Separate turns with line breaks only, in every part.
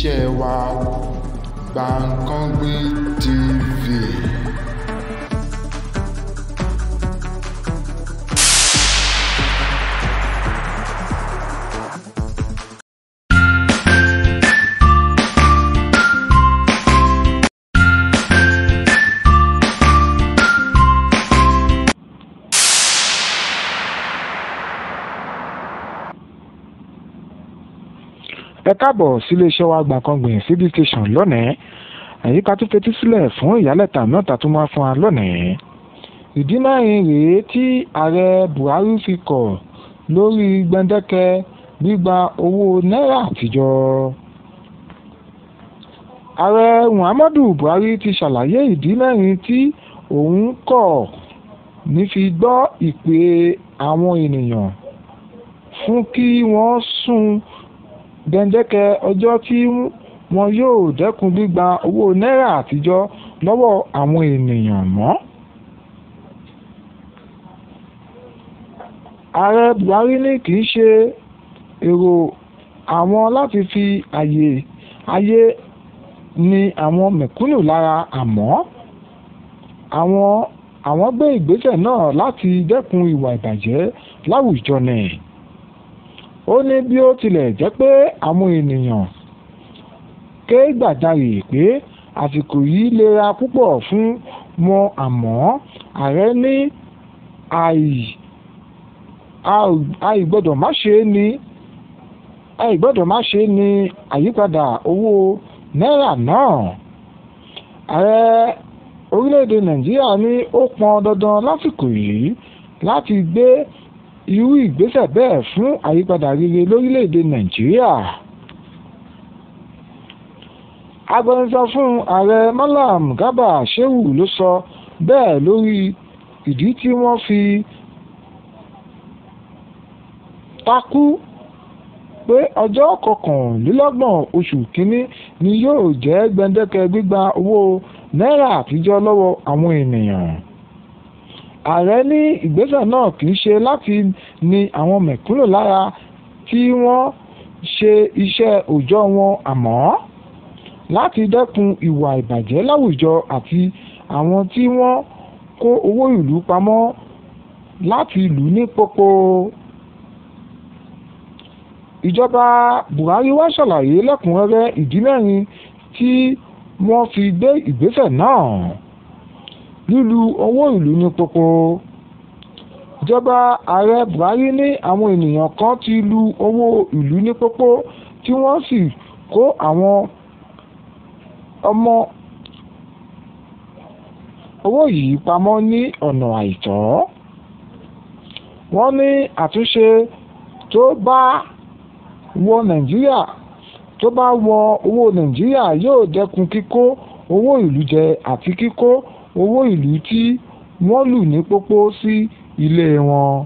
iṣẹ́ wa Gbankanbi TV.
ẹ káàbọ̀ síléeṣẹ́ wa Gbankanbi CB station lónìí àyíká tó fetí sílẹ̀ fún ìyálẹ̀ta mẹ́ta tó máa fún wa lónìí. ìdí mẹ́rin rèé tí ààrẹ Buhari fi kọ̀ lórí gbẹ̀ndẹ́kẹ gbígba owó náírà àtijọ́. ààrẹ Muhammadu Buhari ti ṣàlàyé ìdí mẹ́rin tí òun kọ̀ ní fi gbọ́ ìpè àwọn ènìyàn fún kí wọ́n sún gbẹ̀ǹdẹ́kẹ́ ọjọ́ tí wọn yóò dẹ́kun gbígba owó náírà àtijọ́ lọ́wọ́ àwọn ènìyàn mọ́. ààrẹ buhari ní kì í ṣe èrò àwọn láti fi àyè ayé ni àwọn mẹ̀kúnnù lára àmọ́ àwọn àwọn gbé ìgbésẹ̀ náà láti dẹ́kun ìwà ìbàjẹ́ láwùjọ nìyí ó ní bí ó tilẹ̀ jẹ́ pé àwọn ènìyàn ké gbàjarè pé àsìkò yìí lera púpọ̀ fún wọn àmọ́ ààrẹ ní àìgbọ́dọ̀ má ṣe ni àìgbọ́dọ̀ má ṣe ni àyípadà owó náírà náà ààrẹ orílẹ̀-èdè nàìjíríà ní ó pọn dandan lásìkò yìí láti gbé irú ìgbésẹ̀ bẹ́ẹ̀ fún àyípadà rere lórílẹ̀‐èdè nàìjíríà. agbẹnusọ fún ààrẹ malam garba shehu ló sọ bẹ́ẹ̀ lórí ìdí tí wọ́n fi takú pé ọjọ́ kọkànlélọ́gbọ̀n oṣù kínní ni yóò jẹ́ gbẹ̀ǹdẹ̀kẹ̀ gbígba owó náírà àtijọ́ lọ́wọ́ àwọn ènìyàn ààrẹ ní ìgbésẹ̀ náà kì í ṣe láti ni àwọn mẹ̀kúnnù lára tí wọ́n ṣe iṣẹ́ òòjọ́ wọn àmọ́ láti dẹ́kun ìwà ìbàjẹ́ láwùjọ àti àwọn tí wọ́n kó owó ìlú pamọ́ láti lù ní pópó. ìjọba Buhari wá ṣàlàyé lẹ́kùnrẹ́rẹ́ ìdí mẹ́rin tí wọ́n fi gbé ìgbésẹ̀ náà lílu owó ìlú ní pópó ìjọba ààrẹ buhari ní àwọn ènìyàn kan ti lu owó ìlú ní pópó tí wọ́n sì kó àwọn ọmọ owó yìí pamọ́ ní ọ̀nà àìtọ́ wọ́n ní àtúnṣe tó bá wọ nàìjíríà tó bá wọ owó nàìjíríà yóò dẹ́kun kíkó owó ìlú jẹ àti kíkó owó ìlú tí wọ́n lù ní pópó sí ilé wọn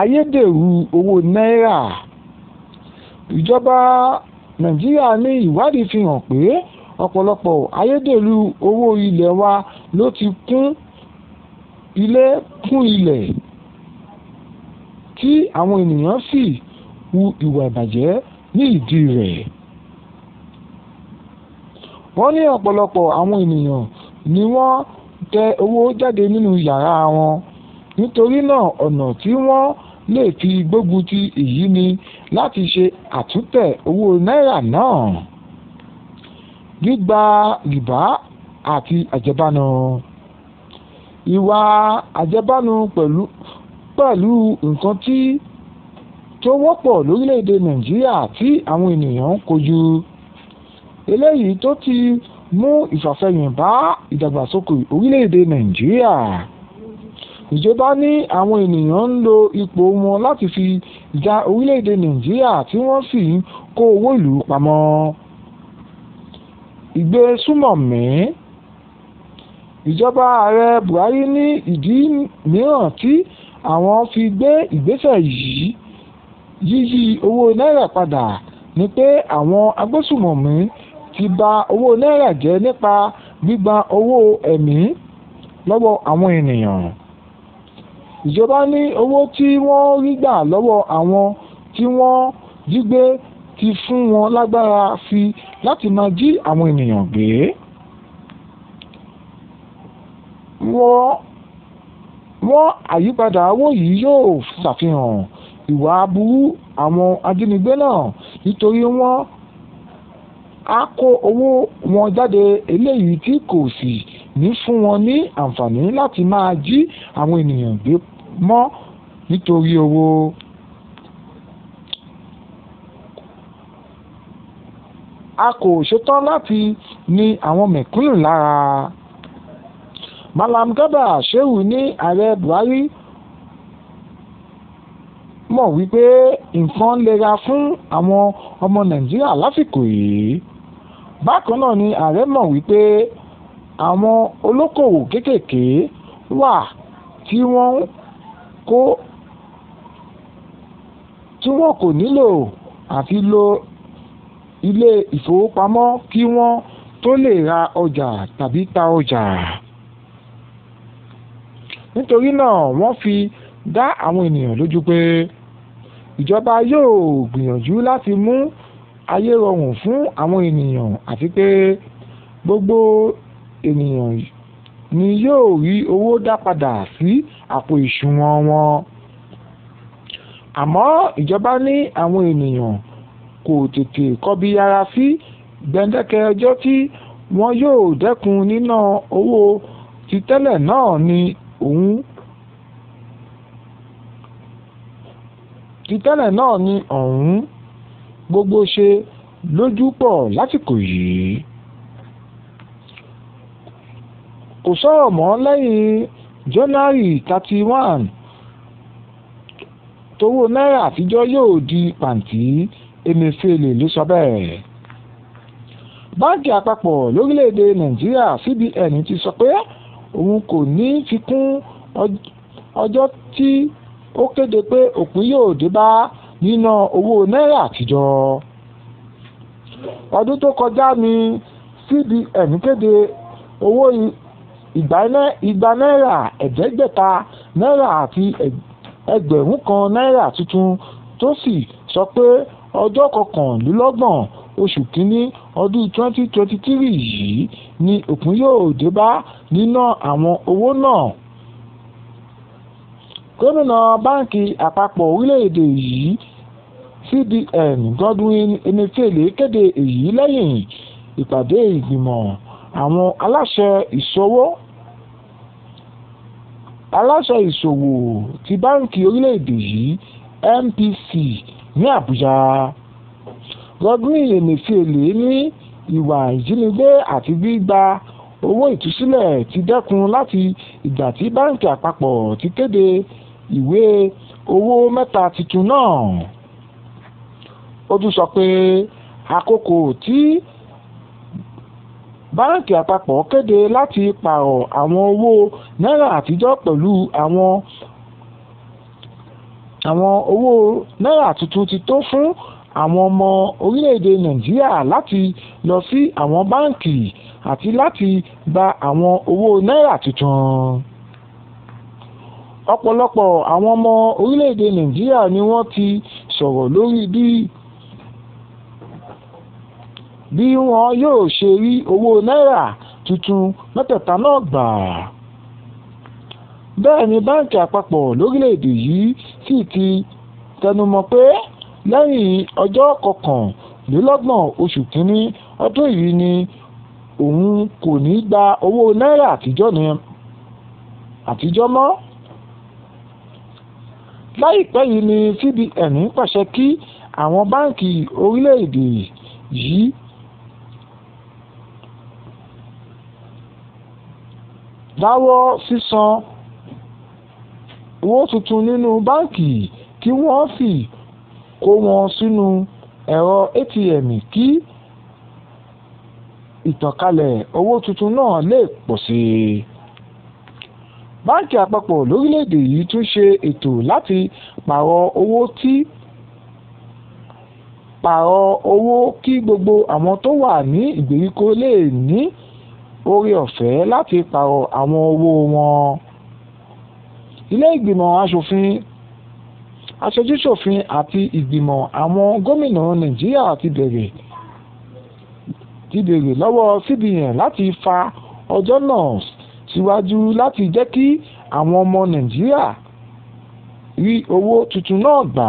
ayédèrú owó náírà ìjọba nàìjíríà ní ìwádìí fi hàn pé ọ̀pọ̀lọpọ̀ ayédèrú owó ilé wa ló ti kún ilé kún ilẹ̀ tí àwọn ènìyàn sì hu ìwà ìbàjẹ́ ní ìdí rẹ̀ wọ́n ní ọ̀pọ̀lọpọ̀ àwọn ènìyàn ni wọ́n tẹ owó jáde nínú yàrá wọn nítorí náà ọ̀nà tí wọ́n lè fi gbógun ti èyí ni láti ṣe àtúntẹ̀ owó náírà náà gbígba rìbá àti àjẹbánu ìwà àjẹbánu pẹ̀lú pẹ̀lú nǹkan tí tó wọ́pọ̀ lórílẹ̀‐èdè nàìjíríà tí àwọn ènìyàn ń kojú eléyìí tó ti. Toti mú ìfàsẹ́yìn bá ìdàgbàsókè orílẹ̀-èdè nàìjíríà ìjọba ní àwọn ènìyàn ń lo ipò wọn láti fi ja orílẹ̀-èdè nàìjíríà tí wọ́n sì ń kó owó ìlú pamọ́ ìgbé súnmọ̀mí ìjọba ààrẹ buhari ní ìdí mìíràn tí àwọn fi gbé ìgbésẹ̀ yìí yíyí owó náírà padà ni pé àwọn agbésùmọ̀mí ti bà owó náírà jẹ́ nípa gbígba owó ẹ̀mí lọ́wọ́ àwọn ènìyàn ìjọba ní owó tí wọ́n rí gbà lọ́wọ́ àwọn tí wọ́n jí gbé ti fún wọn lágbára fi láti máa jí àwọn ènìyàn gbé wọ́n wọ́n àyípadà owó yìí yóò ṣàfihàn ìwà aburú àwọn ajínigbé náà nítorí wọ́n á kó owó wọn jáde eléyìí tí kò sì ní fún wọn ní àǹfààní láti máa jí àwọn ènìyàn gbé mọ́ nítorí owó. a kò ṣetán láti ní àwọn mẹ̀kúnnù lára. Malam Garba Shehu ní ààrẹ Buhari mọ̀ wípé nǹkan lera fún àwọn ọmọ Nàìjíríà lásìkò yìí bákan náà ni ààrẹ mọ̀ wípé àwọn olókòwò kéékèèké wà tí wọ́n kò tí wọ́n kò nílò àfi lo ilé ìfowópamọ́ kí wọ́n tó lè ra ọjà tàbí ta ọjà nítorí náà wọ́n fi dá àwọn ènìyàn lójú pé ìjọba yóò gbìyànjú láti mú ayé rọrùn fún àwọn ènìyàn àti pé gbogbo ènìyàn ni yóò rí owó dá padà sí àpò ìṣúwọ̀n wọn àmọ́ ìjọba ní àwọn ènìyàn kò tètè kọbi ara sí gbẹ̀ǹdẹ̀kẹ̀ ọjọ́ tí wọn yóò dẹ́kun níná owó títẹ́lẹ̀ náà ni òun títẹ́lẹ̀ náà ni ọ̀hún gbogbo ṣe lójú pọ̀ lásìkò yìí kò sọ̀rọ̀ mọ́ lẹ́yìn January thirty one tówó náírà àtijọ́ yóò di pàǹtí Emefiele ló sọ bẹ́ẹ̀ báńkì àpapọ̀ lórílẹ̀‐èdè nàìjíríà cbn ti sọ pé òun kò ní fi kún ọjọ́ tí ó kéde pé òpin yóò dé bá níná owó náírà àtijọ́ ọdún tó kọjá ní CBN kéde owó igba náírà ẹ̀ẹ́dẹ́gbẹ̀ta náírà àti ẹgbẹ̀rún kan náírà tuntun tó sì sọ pé ọjọ́ kọkànlélọ́gbọ̀n oṣù kínní ọdún twenty twenty three yìí ni òpin yóò dé bá níná àwọn owó náà. gómìnà báǹkì àpapọ̀ orílẹ̀-èdè yìí cbn godwin emefiele kéde èyí lẹ́yìn ìpàdé ìgbìmọ̀ àwọn aláṣẹ ìṣòwò aláṣẹ ìṣòwò ti báńkì orílẹ̀-èdè yìí mpc ní àbújá godwin emefiele ní ìwà ìjínigbé àti gbígba owó ìtúsílẹ̀ ti dẹ́kun láti ìgbà tí báńkì àpapọ̀ ti kéde ìwé owó mẹ́ta tuntun náà ó tún sọ pé àkókò tí báńkì àpapọ̀ kéde láti pààrọ̀ àwọn owó náírà àtijọ́ pẹ̀lú àwọn àwọn owó náírà tuntun ti tó fún àwọn ọmọ orílẹ̀-èdè nàìjíríà láti lọ sí àwọn báńkì àti láti gba àwọn owó náírà tuntun ọ̀pọ̀lọpọ̀ àwọn ọmọ orílẹ̀-èdè nàìjíríà ni wọ́n ti sọ̀rọ̀ lórí bí bí wọn yóò ṣe rí owó náírà tuntun mẹ́tẹ̀ẹ̀ta náà gbà. bẹ́ẹ̀ ni báńkì àpapọ̀ lórílẹ̀‐èdè yìí sì ti tẹnumọ́ pé lẹ́yìn ọjọ́ kọkànlélọ́gbọ̀n oṣù kínní ọdún yìí ni òun kò ní gba owó náírà àtijọ́ mọ́ láìpẹ́ yìí ni CBN pàṣẹ kí àwọn báńkì orílẹ̀-èdè yìí dáwọ́ sísan owó tuntun nínú báǹkì kí wọ́n sì kó wọn sínú ẹ̀rọ atm kí ìtànkálẹ̀ owó tuntun náà lè pọ̀ sí i. báǹkì àpapọ̀ lórílẹ̀‐èdè yìí tún ṣe ètò láti pààrọ̀ owó tí pààrọ̀ owó kí gbogbo àwọn tó wà ní ìgbèríko lè ní. Ni orí ọ̀fẹ́ láti pààrọ̀ àwọn owó wọn. ilé ìgbìmọ̀ asòfin aṣojúṣòfin àti ìgbìmọ̀ àwọn gómìnà nàìjíríà ti bẹ̀rẹ̀ ti bẹ̀rẹ̀ lọ́wọ́ cbn láti fa ọjọ́ náà síwájú láti jẹ́ kí àwọn ọmọ nàìjíríà rí owó tuntun náà gbà.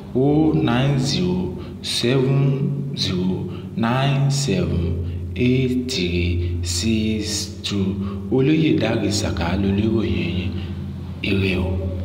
o nine zero seven zero nine seven eight three six two olóyèdárì saka lolóròyìn yìí ire o